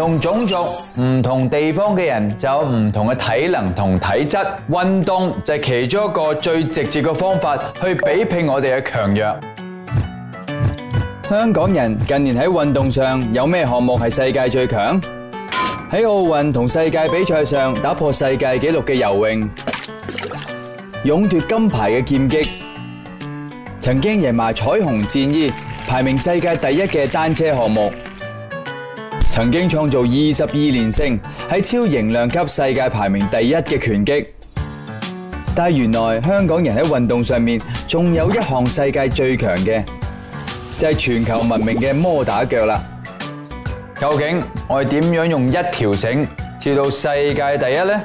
同種族唔同地方嘅人就有唔同嘅體能同體質，運動就係其中一個最直接嘅方法去比拼我哋嘅強弱。香港人近年喺運動上有咩項目係世界最強？喺奧運同世界比賽上打破世界紀錄嘅游泳，勇奪金牌嘅劍擊，曾經贏埋彩虹戰衣，排名世界第一嘅單車項目。曾經創造二十二連勝，喺超型量級世界排名第一嘅拳擊。但係原來香港人喺運動上面仲有一項世界最強嘅，就係全球聞名嘅摩打腳啦。究竟我哋點樣用一條繩跳到世界第一呢？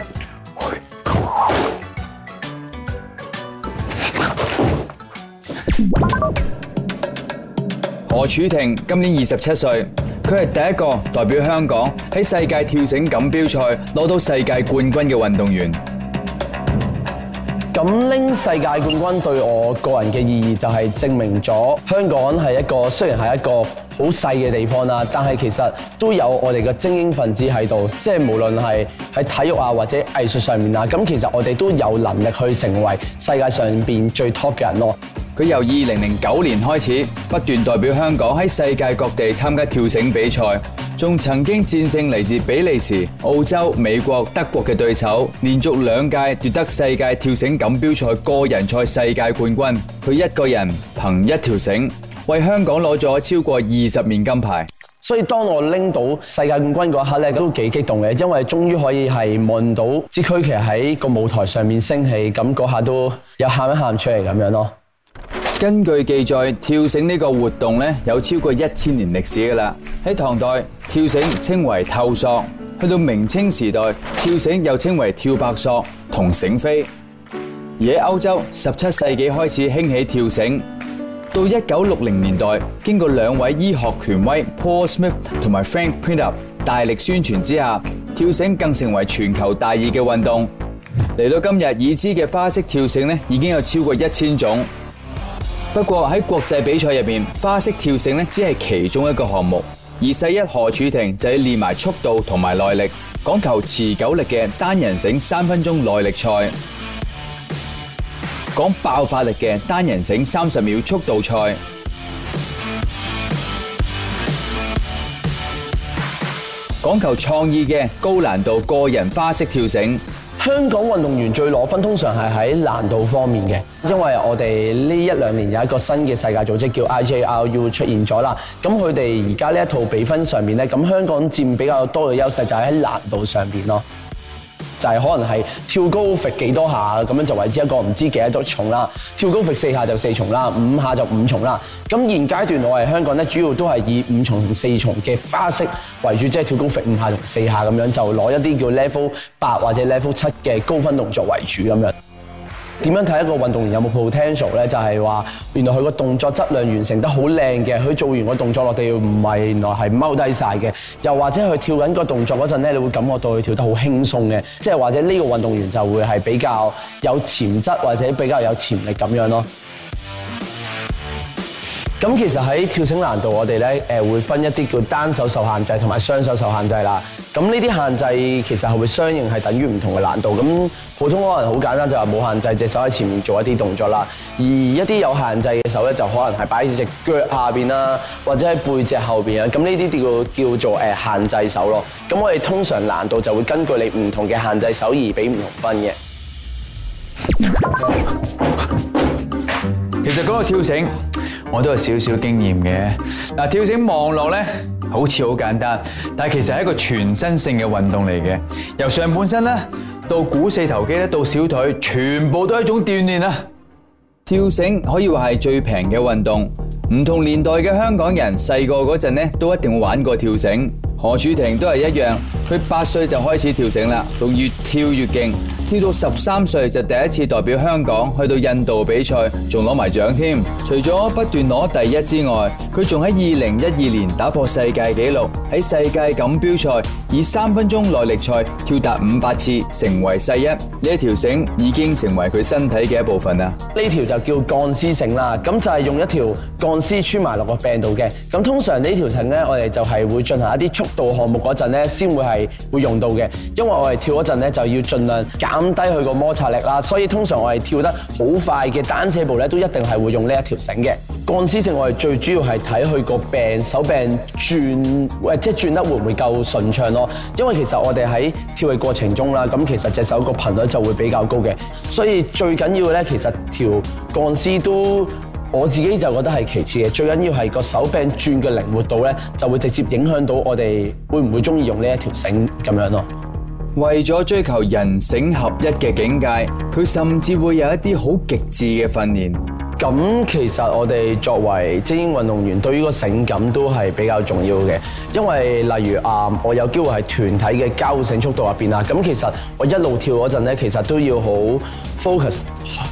何柱霆今年二十七歲。佢係第一個代表香港喺世界跳繩錦標賽攞到世界冠軍嘅運動員。咁拎世界冠軍對我個人嘅意義就係證明咗香港係一個雖然係一個好細嘅地方啦，但係其實都有我哋嘅精英分子喺度，即係無論係喺體育啊或者藝術上面啊，咁其實我哋都有能力去成為世界上邊最 top 嘅人囉。佢由二零零九年開始不斷代表香港喺世界各地參加跳繩比賽，仲曾經戰勝嚟自比利時、澳洲、美國、德國嘅對手，連續兩屆奪得世界跳繩錦標賽個人賽世界冠軍。佢一個人憑一條繩為香港攞咗超過二十面金牌。所以當我拎到世界冠軍嗰一刻咧，都幾激動嘅，因為終於可以係望到支區旗喺個舞台上面升起，咁嗰下都有喊一喊出嚟咁樣咯。根據記載，跳繩呢個活動咧，有超過一千年歷史噶啦。喺唐代，跳繩稱為透索；去到明清時代，跳繩又稱為跳白索同繩飛。而喺歐洲，十七世紀開始興起跳繩，到一九六零年代，經過兩位醫學權威 Paul Smith 同埋 Frank Printup 大力宣傳之下，跳繩更成為全球大熱嘅運動。嚟到今日，已知嘅花式跳繩咧已經有超過一千種。不過喺國際比賽入面，花式跳繩呢只係其中一個項目，而世一何柱霆就要練埋速度同埋耐力，講求持久力嘅單人繩三分鐘耐力賽，講爆發力嘅單人繩三十秒速度賽，講求創意嘅高難度個人花式跳繩。香港運動員最攞分通常係喺難度方面嘅，因為我哋呢一兩年有一個新嘅世界組織叫 IJRU 出現咗啦，咁佢哋而家呢一套比分上面呢，咁香港佔比較多嘅優勢就喺難度上邊咯。但係可能係跳高揈幾多下咁樣就為之一個唔知幾多重啦，跳高揈四下就四重啦，五下就五重啦。咁現階段我哋香港咧，主要都係以五重同四重嘅花式為主，即係跳高揈五下同四下咁樣，就攞一啲叫 level 八或者 level 七嘅高分動作為主咁樣。點樣睇一個運動員有冇 potential 咧？就係話原來佢個動作質量完成得好靚嘅，佢做完個動作落地唔係原來係踎低晒嘅，又或者佢跳緊個動作嗰陣咧，你會感覺到佢跳得好輕鬆嘅，即係或者呢個運動員就會係比較有潛質或者比較有潛力咁樣咯。咁其實喺跳繩難度，我哋咧誒會分一啲叫單手受限制同埋雙手受限制啦。咁呢啲限制其實係會相應係等於唔同嘅難度。咁普通可能好簡單，就話冇限制隻手喺前面做一啲動作啦。而一啲有限制嘅手咧，就可能係擺喺隻腳下邊啦，或者喺背脊後邊啊。咁呢啲叫叫做誒限制手咯。咁我哋通常難度就會根據你唔同嘅限制手而俾唔同分嘅。其實嗰個跳繩我都有少少經驗嘅。嗱，跳繩望落咧。好似好簡單，但其實係一個全身性嘅運動嚟嘅，由上半身咧到股四頭肌咧到小腿，全部都係一種鍛煉啊！跳繩可以話係最平嘅運動，唔同年代嘅香港人細個嗰陣咧都一定玩過跳繩，何柱霆都係一樣，佢八歲就開始跳繩啦，仲越跳越勁。跳到十三歲就第一次代表香港去到印度比賽，仲攞埋獎添。除咗不斷攞第一之外，佢仲喺二零一二年打破世界紀錄，喺世界錦標賽以三分鐘耐力賽跳達五百次，成為世一。呢條繩已經成為佢身體嘅一部分啦。呢條就叫鋼絲繩啦，咁就係用一條鋼絲穿埋落個柄度嘅。咁通常呢條繩咧，我哋就係會進行一啲速度項目嗰陣咧，先會係會用到嘅，因為我哋跳嗰陣咧就要盡量減。減低佢個摩擦力啦，所以通常我哋跳得好快嘅單車步咧，都一定係會用呢一條繩嘅。鋼絲繩我哋最主要係睇佢個柄手柄轉，誒即係轉得會唔會夠順暢咯。因為其實我哋喺跳嘅過程中啦，咁其實隻手個頻率就會比較高嘅。所以最緊要咧，其實條鋼絲都我自己就覺得係其次嘅，最緊要係個手柄轉嘅靈活度咧，就會直接影響到我哋會唔會中意用呢一條繩咁樣咯。為咗追求人繩合一嘅境界，佢甚至會有一啲好極致嘅訓練。咁其實我哋作為精英運動員，對呢個繩感都係比較重要嘅。因為例如啊，我有機會喺團體嘅交繩速度入邊啊，咁其實我一路跳嗰陣咧，其實都要好。Focus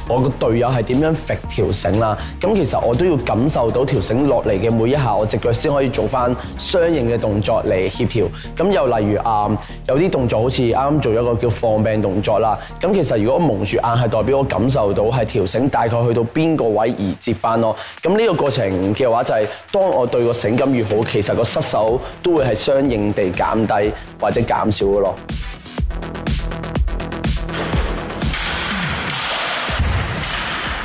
我個隊友係點樣揈條繩啦？咁其實我都要感受到條繩落嚟嘅每一下，我隻腳先可以做翻相應嘅動作嚟協調。咁又例如啊，有啲動作好似啱啱做咗個叫放病動作啦。咁其實如果蒙住眼，係代表我感受到係條繩大概去到邊個位而接翻咯。咁、這、呢個過程嘅話，就係當我對個繩感越好，其實個失手都會係相應地減低或者減少嘅咯。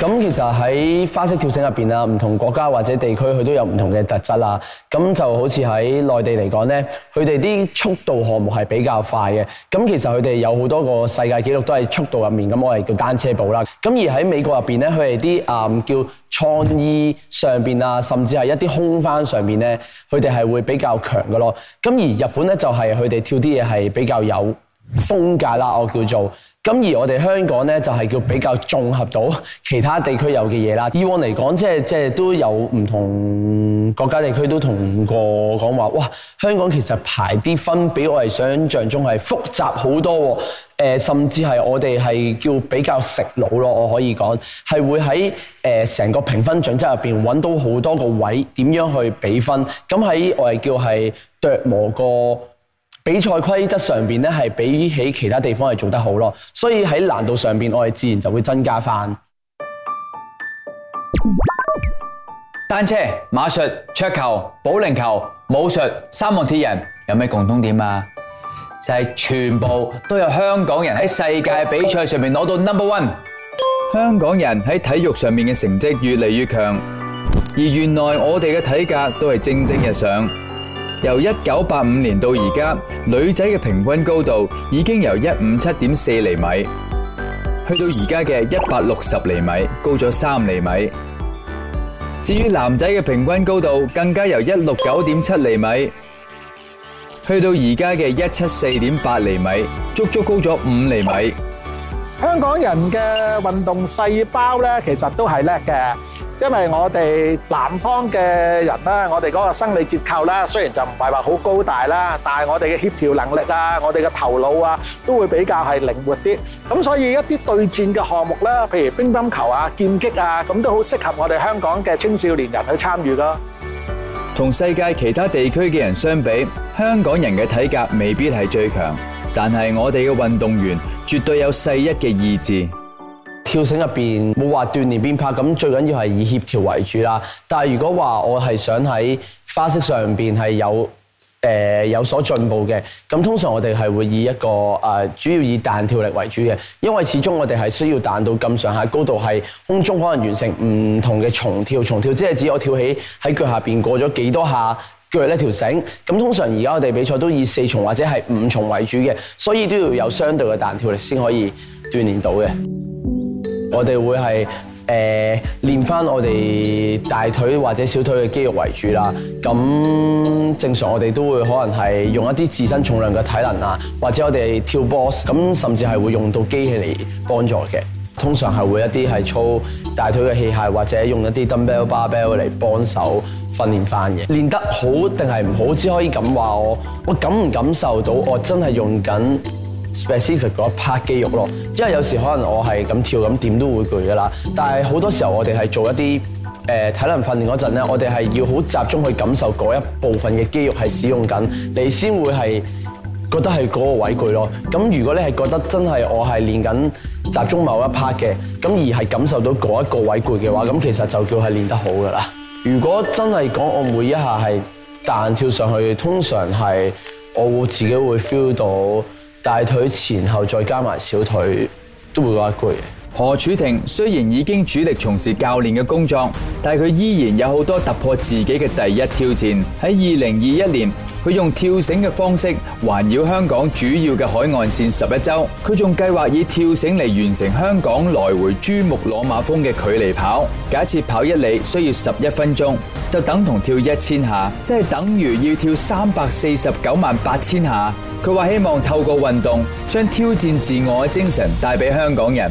咁其實喺花式跳繩入邊啊，唔同國家或者地區佢都有唔同嘅特質啦。咁就好似喺內地嚟講呢，佢哋啲速度項目係比較快嘅。咁其實佢哋有好多個世界紀錄都係速度入面。咁我哋叫單車步啦。咁而喺美國入邊呢，佢哋啲誒叫創意上邊啊，甚至係一啲空翻上邊呢，佢哋係會比較強嘅咯。咁而日本呢，就係佢哋跳啲嘢係比較有風格啦。我叫做。咁而我哋香港咧就係、是、叫比較綜合到其他地區有嘅嘢啦。以往嚟講，即係即係都有唔同國家地區都同過講話，哇！香港其實排啲分比我哋想像中係複雜好多，哦。誒、呃，甚至係我哋係叫比較食腦咯，我可以講係會喺誒成個評分準則入邊揾到好多個位點樣去比分。咁喺我哋叫係琢磨過。比賽規則上面係比起其他地方係做得好咯，所以喺難度上面我哋自然就會增加返。單車、馬術、桌球、保齡球、武術、三項鐵人有咩共通點啊？就係全部都有香港人喺世界比賽上面攞到 number one。香港人喺體育上面嘅成績越嚟越強，而原來我哋嘅體格都係蒸蒸日上。由一九八五年到而家，女仔嘅平均高度已經由一五七點四厘米，去到而家嘅一百六十厘米，高咗三厘米。至於男仔嘅平均高度，更加由一六九點七厘米，去到而家嘅一七四點八厘米，足足高咗五厘米。香港人嘅運動細胞咧，其實都係叻嘅。因為我哋南方嘅人啦，我哋嗰個生理結構啦，雖然就唔係話好高大啦，但係我哋嘅協調能力啊，我哋嘅頭腦啊，都會比較係靈活啲。咁所以一啲對戰嘅項目啦，譬如乒乓球啊、劍擊啊，咁都好適合我哋香港嘅青少年人去參與咯。同世界其他地區嘅人相比，香港人嘅體格未必係最強，但係我哋嘅運動員絕對有世一嘅意志。跳繩入邊冇話鍛煉邊拍，咁最緊要係以協調為主啦。但係如果話我係想喺花式上邊係有誒、呃、有所進步嘅，咁通常我哋係會以一個誒、呃、主要以彈跳力為主嘅，因為始終我哋係需要彈到咁上下高度，係空中可能完成唔同嘅重跳。重跳即係指我跳起喺腳下邊過咗幾多下腳呢條繩。咁通常而家我哋比賽都以四重或者係五重為主嘅，所以都要有相對嘅彈跳力先可以鍛煉到嘅。我哋會係誒練翻我哋大腿或者小腿嘅肌肉為主啦。咁正常我哋都會可能係用一啲自身重量嘅體能啊，或者我哋跳 box 咁甚至係會用到機器嚟幫助嘅。通常係會一啲係操大腿嘅器械，或者用一啲 dumbbell barbell 嚟幫手訓練翻嘅。練得好定係唔好，只可以咁話我。我感唔感受到我真係用緊 specific 嗰一 part 肌肉咯，因為有時可能我係咁跳咁點都會攰㗎喇。但係好多時候我哋係做一啲誒、呃、體能訓練嗰陣咧，我哋係要好集中去感受嗰一部分嘅肌肉係使用緊，你先會係覺得係嗰個位攰咯。咁如果你係覺得真係我係練緊集中某一 part 嘅，咁而係感受到嗰一個位攰嘅話，咁其實就叫係練得好㗎喇。如果真係講我每一下係彈跳上去，通常係我會自己會 feel 到。大腿前後再加埋小腿都會有啲攰。何柱霆雖然已經主力從事教練嘅工作，但係佢依然有好多突破自己嘅第一挑戰。喺二零二一年，佢用跳繩嘅方式環繞香港主要嘅海岸線十一周，佢仲計劃以跳繩嚟完成香港來回珠穆朗瑪峰嘅距離跑。假設跑一里需要十一分鐘，就等同跳一千下，即係等於要跳三百四十九萬八千下。佢話希望透過運動，將挑戰自我嘅精神帶俾香港人。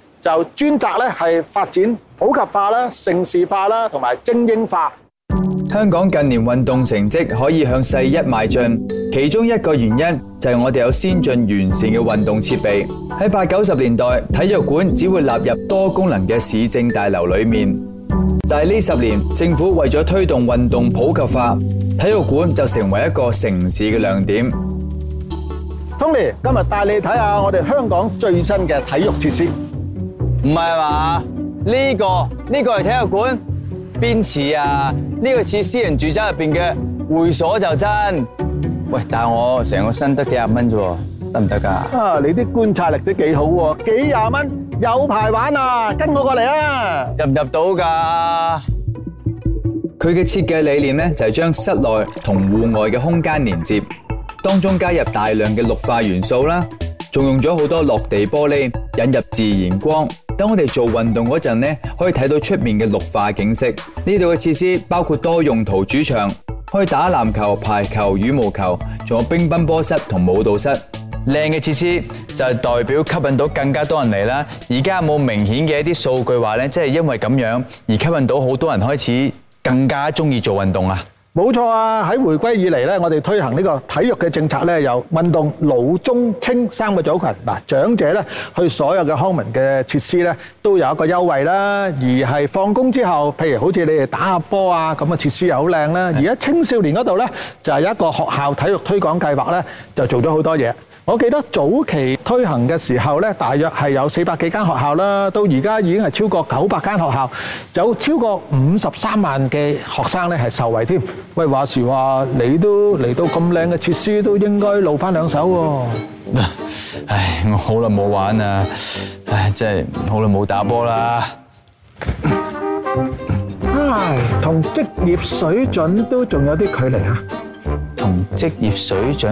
就專責咧，係發展普及化啦、城市化啦，同埋精英化。香港近年運動成績可以向世一邁進，其中一個原因就係我哋有先進完善嘅運動設備。喺八九十年代，體育館只會納入多功能嘅市政大樓裏面。就係、是、呢十年，政府為咗推動運動普及化，體育館就成為一個城市嘅亮點。Tony，今日帶你睇下我哋香港最新嘅體育設施。唔係啊嘛？呢個呢個係體育館，邊似啊？呢個似私人住宅入邊嘅會所就真。喂，但係我成個身得幾廿蚊啫，得唔得噶？啊，你啲觀察力都幾好喎，幾廿蚊有排玩啊！跟我過嚟啊，入唔入到噶？佢嘅設計理念咧，就係將室內同戶外嘅空間連接，當中加入大量嘅綠化元素啦。仲用咗好多落地玻璃引入自然光，等我哋做運動嗰陣咧，可以睇到出面嘅綠化景色。呢度嘅設施包括多用途主場，可以打籃球、排球、羽毛球，仲有乒乓波室同舞蹈室。靚嘅設施就係代表吸引到更加多人嚟啦。而家有冇明顯嘅一啲數據話咧，即係因為咁樣而吸引到好多人開始更加中意做運動啊？冇錯啊！喺回歸以嚟咧，我哋推行呢個體育嘅政策咧，有運動老中青三個組群。嗱，長者咧去所有嘅康文嘅設施咧，都有一個優惠啦。而係放工之後，譬如好似你哋打下波啊，咁嘅設施又好靚啦。而喺青少年嗰度咧，就係有一個學校體育推廣計劃咧，就做咗好多嘢。我記得早期推行嘅時候咧，大約係有四百幾間學校啦，到而家已經係超過九百間學校，有超過五十三萬嘅學生咧係受惠添。喂，話時話你都嚟到咁靚嘅設施，都應該露返兩手喎。唉，我好耐冇玩啦，唉，真係好耐冇打波啦。唉，同職業水準都仲有啲距離啊。同職業水準。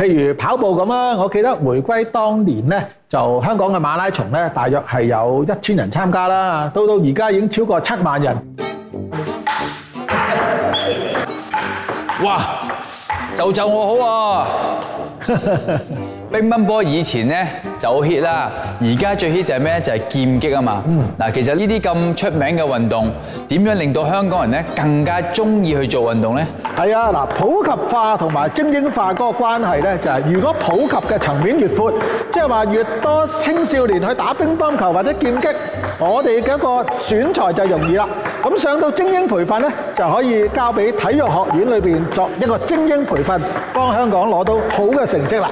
譬如跑步咁啦，我記得回歸當年咧，就香港嘅馬拉松咧，大約係有一千人參加啦，到到而家已經超過七萬人。哇！就就我好啊！ 乒乓波以前呢，就 hit 啦，而家最 hit 就係咩？就係劍擊啊嘛。嗱、嗯，其實呢啲咁出名嘅運動，點樣令到香港人呢更加中意去做運動呢？係啊，嗱，普及化同埋精英化嗰個關係呢，就係如果普及嘅層面越闊，即係話越多青少年去打乒乓球或者劍擊，我哋嘅一個選材就容易啦。咁上到精英培訓呢，就可以交俾體育學院裏邊作一個精英培訓，幫香港攞到好嘅成績啦。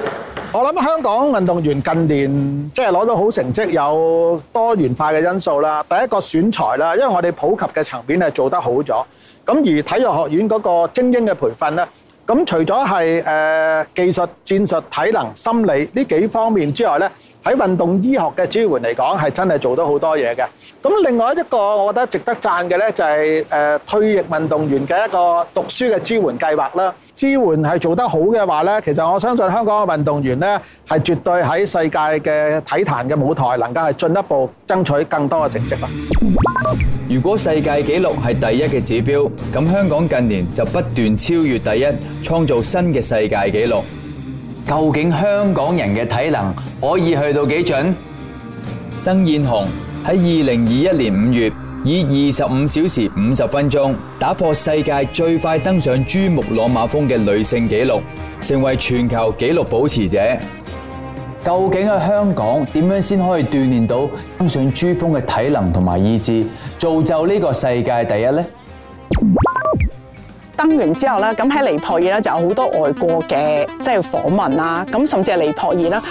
我諗香港運動員近年即係攞到好成績，有多元化嘅因素啦。第一個選材啦，因為我哋普及嘅層面係做得好咗。咁而體育學院嗰個精英嘅培訓咧。咁除咗係誒技術、戰術、體能、心理呢幾方面之外咧，喺運動醫學嘅支援嚟講，係真係做到好多嘢嘅。咁另外一個我覺得值得讚嘅咧，就係誒退役運動員嘅一個讀書嘅支援計劃啦。支援係做得好嘅話咧，其實我相信香港嘅運動員咧，係絕對喺世界嘅體壇嘅舞台，能夠係進一步爭取更多嘅成績啦。如果世界紀錄係第一嘅指標，咁香港近年就不斷超越第一，創造新嘅世界紀錄。究竟香港人嘅體能可以去到幾準？曾燕紅喺二零二一年五月以二十五小時五十分鐘打破世界最快登上珠穆朗瑪峰嘅女性紀錄，成為全球紀錄保持者。究竟喺香港點樣先可以鍛煉到登上珠峰嘅體能同埋意志，造就呢個世界第一咧？登完之後咧，咁喺尼泊爾咧就有好多外國嘅即係訪問啦，咁甚至係尼泊爾啦，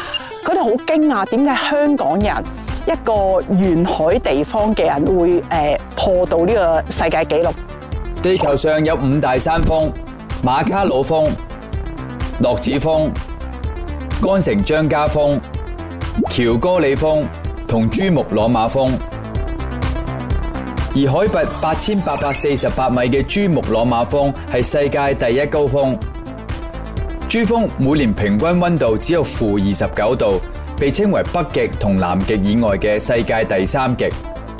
佢哋好驚訝點解香港人一個沿海地方嘅人會誒破到呢個世界紀錄？地球上有五大山峰：馬卡魯峰、洛子峰。干城張家峰、喬戈里峰同珠穆朗瑪峰，而海拔八千八百四十八米嘅珠穆朗瑪峰係世界第一高峰。珠峰每年平均溫度只有負二十九度，被稱為北極同南極以外嘅世界第三極。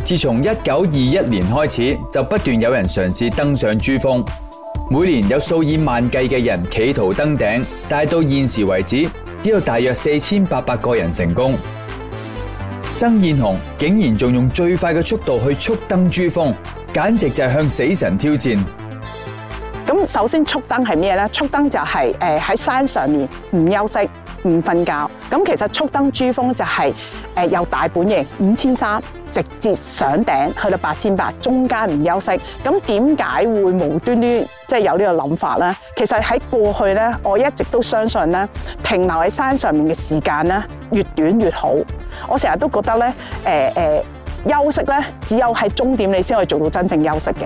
自從一九二一年開始，就不斷有人嘗試登上珠峰，每年有數以萬計嘅人企圖登頂，但到現時為止，只有大約四千八百個人成功，曾燕紅竟然仲用最快嘅速度去速登珠峰，簡直就係向死神挑戰。咁首先速登係咩咧？速登就係誒喺山上面唔休息。唔瞓覺，咁其實速登珠峰就係誒，由大本營五千三直接上頂去到八千八，中間唔休息。咁點解會無端端即係有呢個諗法咧？其實喺過去咧，我一直都相信咧，停留喺山上面嘅時間咧，越短越好。我成日都覺得咧，誒誒，休息咧，只有喺終點你先可以做到真正休息嘅。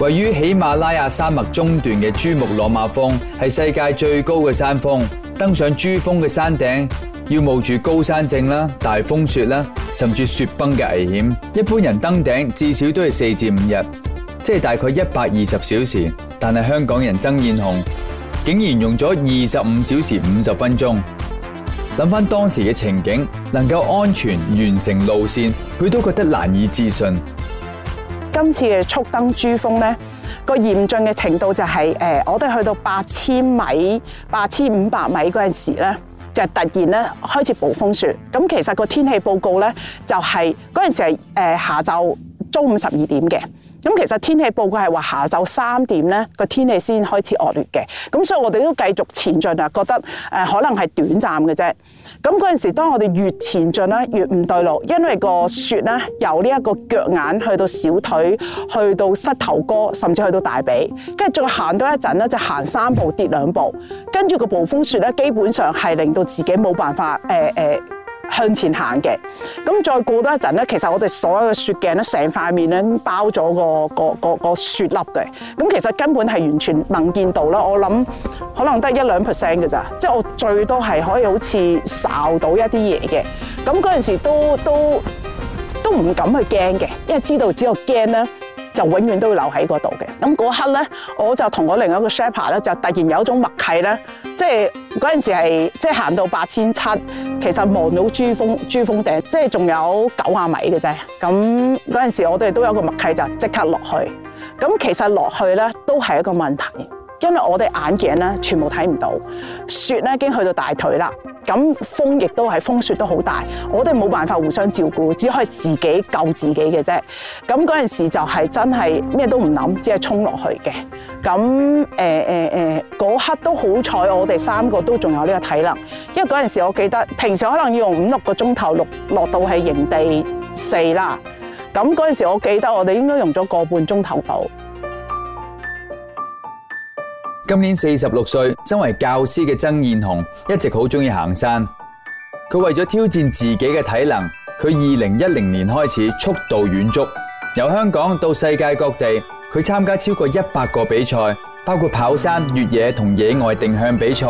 位於喜馬拉雅山脈中段嘅珠穆朗瑪峰係世界最高嘅山峰。登上珠峰嘅山頂，要冒住高山症啦、大風雪啦，甚至雪崩嘅危險。一般人登頂至少都係四至五日，即係大概一百二十小時。但係香港人曾燕紅竟然用咗二十五小時五十分鐘。諗翻當時嘅情景，能夠安全完成路線，佢都覺得難以置信。今次嘅速登珠峰咧？個嚴峻嘅程度就係、是、誒，我哋去到八千米，八千五百米嗰陣時咧，就突然咧開始暴風雪。咁其實個天氣報告咧就係嗰陣時係誒下晝中午十二點嘅。咁其實天氣報告係話下晝三點咧個天氣先開始惡劣嘅，咁所以我哋都繼續前進啦，覺得誒可能係短暫嘅啫。咁嗰陣時，當我哋越前進咧，越唔對路，因為個雪咧由呢一個腳眼去到小腿，去到膝頭哥，甚至去到大髀，跟住再行多一陣咧，就行三步跌兩步，跟住個暴風雪咧，基本上係令到自己冇辦法誒誒，呃呃向前行嘅，咁再過多一陣咧，其實我哋所有嘅雪鏡咧，成塊面咧包咗個個個個雪粒嘅，咁其實根本係完全能見到啦，我諗可能得一兩 percent 嘅咋，即係我最多係可以好似睄到一啲嘢嘅，咁嗰陣時都都都唔敢去驚嘅，因為知道只有驚啦。就永遠都會留喺嗰度嘅。咁嗰刻咧，我就同我另一個 sherpa 咧，就突然有一種默契咧，即係嗰陣時係即係行到八千七，其實望到珠峰珠峰頂，即係仲有九十米嘅啫。咁嗰陣時我哋都有個默契，就即刻落去。咁其實落去咧都係一個問題，因為我哋眼鏡咧全部睇唔到，雪咧已經去到大腿啦。咁風亦都係風雪都好大，我哋冇辦法互相照顧，只可以自己救自己嘅啫。咁嗰陣時就係真係咩都唔諗，只係衝落去嘅。咁誒誒誒，嗰、呃呃、刻都好彩，我哋三個都仲有呢個體能，因為嗰陣時我記得平時可能要用五六個鐘頭落落到喺營地四啦。咁嗰陣時我記得我哋應該用咗個半鐘頭到。今年四十六歲，身為教師嘅曾燕紅一直好鍾意行山。佢為咗挑戰自己嘅體能，佢二零一零年開始速度遠足，由香港到世界各地。佢參加超過一百個比賽，包括跑山、越野同野外定向比賽。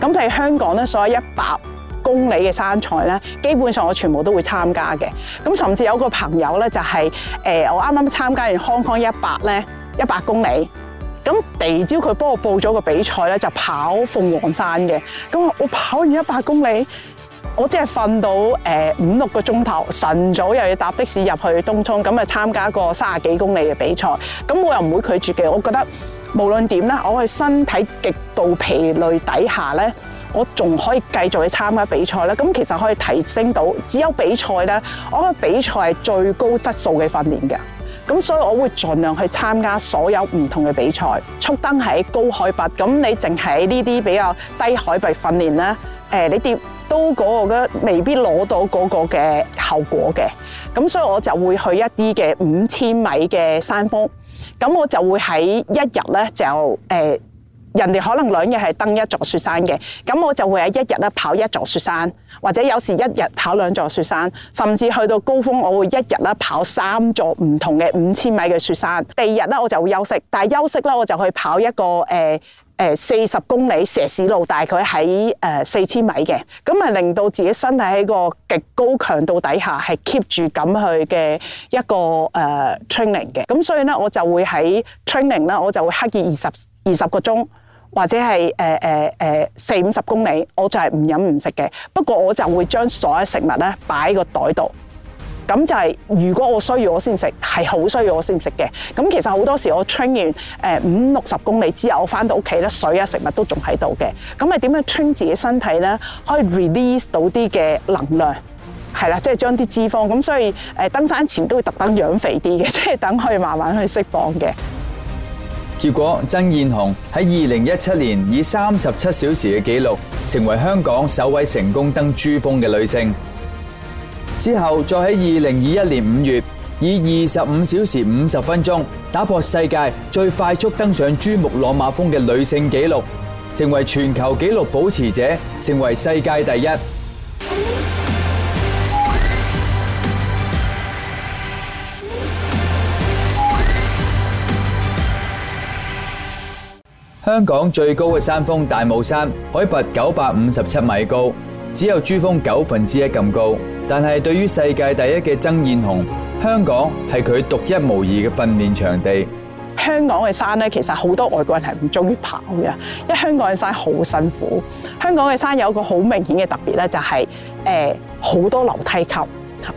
咁喺香港咧，所有一百公里嘅山賽咧，基本上我全部都會參加嘅。咁甚至有個朋友咧，就係誒，我啱啱參加完康康一百咧，一百公里。咁第二朝，佢幫我報咗個比賽咧，就跑鳳凰山嘅。咁我跑完一百公里，我只係瞓到誒五六個鐘頭，晨早又要搭的士入去東涌，咁啊參加個三十幾公里嘅比賽。咁我又唔會拒絕嘅。我覺得無論點咧，我喺身體極度疲累底下咧，我仲可以繼續去參加比賽啦。咁其實可以提升到，只有比賽咧，我覺得比賽係最高質素嘅訓練嘅。咁所以我會盡量去參加所有唔同嘅比賽，速登喺高海拔，咁你淨喺呢啲比較低海拔訓練咧，誒，你跌都嗰個嘅未必攞到嗰個嘅效果嘅，咁所以我就會去一啲嘅五千米嘅山峰，咁我就會喺一日咧就誒。人哋可能兩日係登一座雪山嘅，咁我就會喺一日咧跑一座雪山，或者有時一日跑兩座雪山，甚至去到高峰，我會一日咧跑三座唔同嘅五千米嘅雪山。第二日咧我就會休息，但係休息咧我就去跑一個誒誒四十公里石屎路，大概喺誒四千米嘅，咁咪令到自己身體喺個極高強度底下係 keep 住咁去嘅一個誒、呃、training 嘅。咁所以咧我就會喺 training 咧，我就會刻意二十二十個鐘。或者係誒誒誒四五十公里，我就係唔飲唔食嘅。不過我就會將所有食物咧擺喺個袋度。咁就係如果我需要我先食，係好需要我先食嘅。咁其實好多時我 train 完誒五六十公里之後，我翻到屋企咧水啊食物都仲喺度嘅。咁啊點樣 train 自己身體咧，可以 release 到啲嘅能量係啦，即係將啲脂肪。咁所以誒登山前都會特登養肥啲嘅，即係等佢慢慢去釋放嘅。結果，曾燕紅喺二零一七年以三十七小時嘅紀錄，成為香港首位成功登珠峰嘅女性。之後，再喺二零二一年五月，以二十五小時五十分鐘打破世界最快速登上珠穆朗瑪峰嘅女性紀錄，成為全球紀錄保持者，成為世界第一。香港最高嘅山峰大帽山，海拔九百五十七米高，只有珠峰九分之一咁高。但係對於世界第一嘅曾燕紅，香港係佢獨一無二嘅訓練場地。香港嘅山咧，其實好多外國人係唔中意跑嘅，因為香港嘅山好辛苦。香港嘅山有個好明顯嘅特別咧，就係誒好多樓梯級。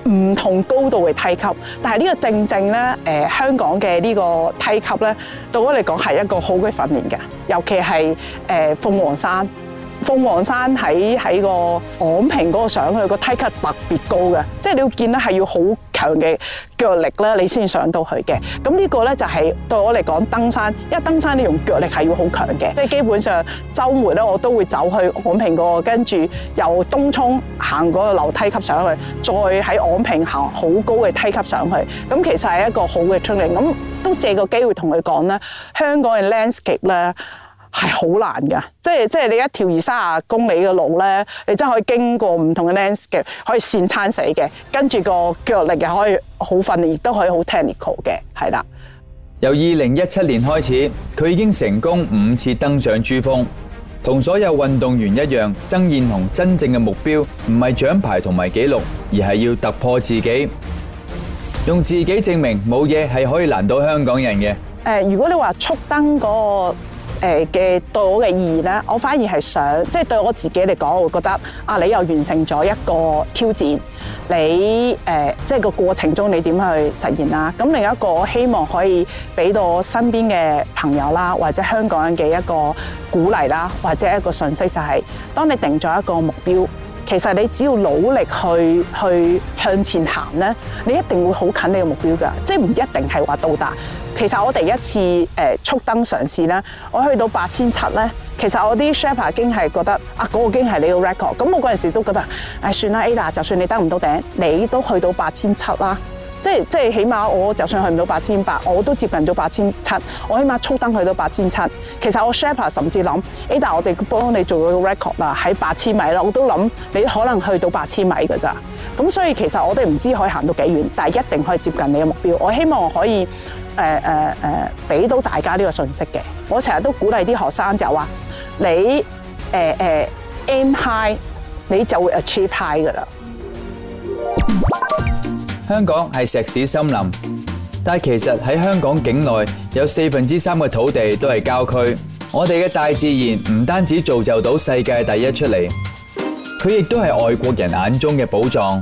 唔同高度嘅梯級，但係呢個正正咧，誒、呃，香港嘅呢個梯級咧，對我嚟講係一個好嘅訓練嘅，尤其係誒鳳凰山，鳳凰山喺喺個昂平嗰個上去個梯級特別高嘅，即係你要見得係要好。強嘅腳力咧，你先上到去嘅。咁呢個咧就係、是，對我嚟講，登山，因為登山你用腳力係要好強嘅。即係基本上周末咧，我都會走去昂坪嗰個，跟住由東涌行嗰個樓梯級上去，再喺昂坪行好高嘅梯級上去。咁其實係一個好嘅 training。咁都借個機會同佢講咧，香港嘅 landscape 咧。係好難噶，即係即係你一條二三十公里嘅路咧，你真係可以經過唔同嘅 landscape，可以線撐死嘅，跟住個腳力又可以好訓練，亦都可以好 technical 嘅，係啦。由二零一七年開始，佢已經成功五次登上珠峰。同所有運動員一樣，曾燕紅真正嘅目標唔係獎牌同埋紀錄，而係要突破自己，用自己證明冇嘢係可以難倒香港人嘅。誒，如果你話速登嗰個。誒嘅對我嘅意義咧，我反而係想，即係對我自己嚟講，我會覺得啊，你又完成咗一個挑戰，你誒，即係個過程中你點去實現啦？咁另一個我希望可以俾到我身邊嘅朋友啦，或者香港人嘅一個鼓勵啦，或者一個信息就係，當你定咗一個目標，其實你只要努力去去向前行咧，你一定會好近你嘅目標噶，即係唔一定係話到達。其實我第一次誒速登嘗試咧，我去到八千七咧。其實我啲 Sherpa 經係覺得啊，嗰、那個經係你個 record 咁。咁我嗰陣時都覺得誒、哎，算啦 Ada，就算你登唔到頂，你都去到八千七啦。即係即係起碼我就算去唔到八千八，我都接近到八千七。我起碼速登去到八千七。其實我 Sherpa 甚至諗 Ada，我哋幫你做到個 record 啦，喺八千米啦。我都諗你可能去到八千米㗎咋咁，所以其實我哋唔知可以行到幾遠，但係一定可以接近你嘅目標。我希望我可以。誒誒誒，俾、呃、到大家呢個信息嘅，我成日都鼓勵啲學生就話：你誒誒 aim high，你就會 achieve high 噶啦。香港係石屎森林，但係其實喺香港境內有四分之三嘅土地都係郊區。我哋嘅大自然唔單止造就到世界第一出嚟，佢亦都係外國人眼中嘅寶藏。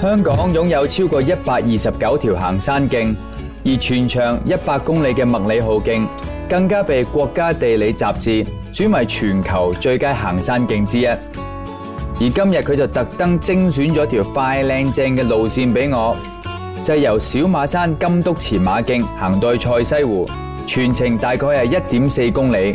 香港擁有超過一百二十九條行山徑，而全長一百公里嘅麥理浩徑更加被《國家地理雜誌》雜誌選為全球最佳行山徑之一。而今日佢就特登精選咗條快靚正嘅路線俾我，就是、由小馬山金督馳馬徑行到賽西湖，全程大概係一點四公里。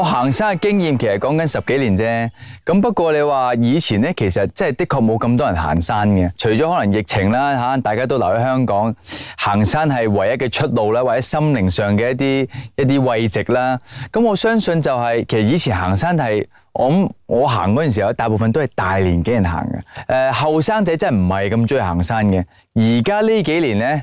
我行山嘅經驗其實講緊十幾年啫，咁不過你話以前呢，其實真係的確冇咁多人行山嘅，除咗可能疫情啦吓，大家都留喺香港，行山係唯一嘅出路啦，或者心靈上嘅一啲一啲慰藉啦。咁我相信就係、是、其實以前行山係，我我行嗰陣時候，大部分都係大年紀人行嘅，誒後生仔真係唔係咁中意行山嘅，而家呢幾年呢。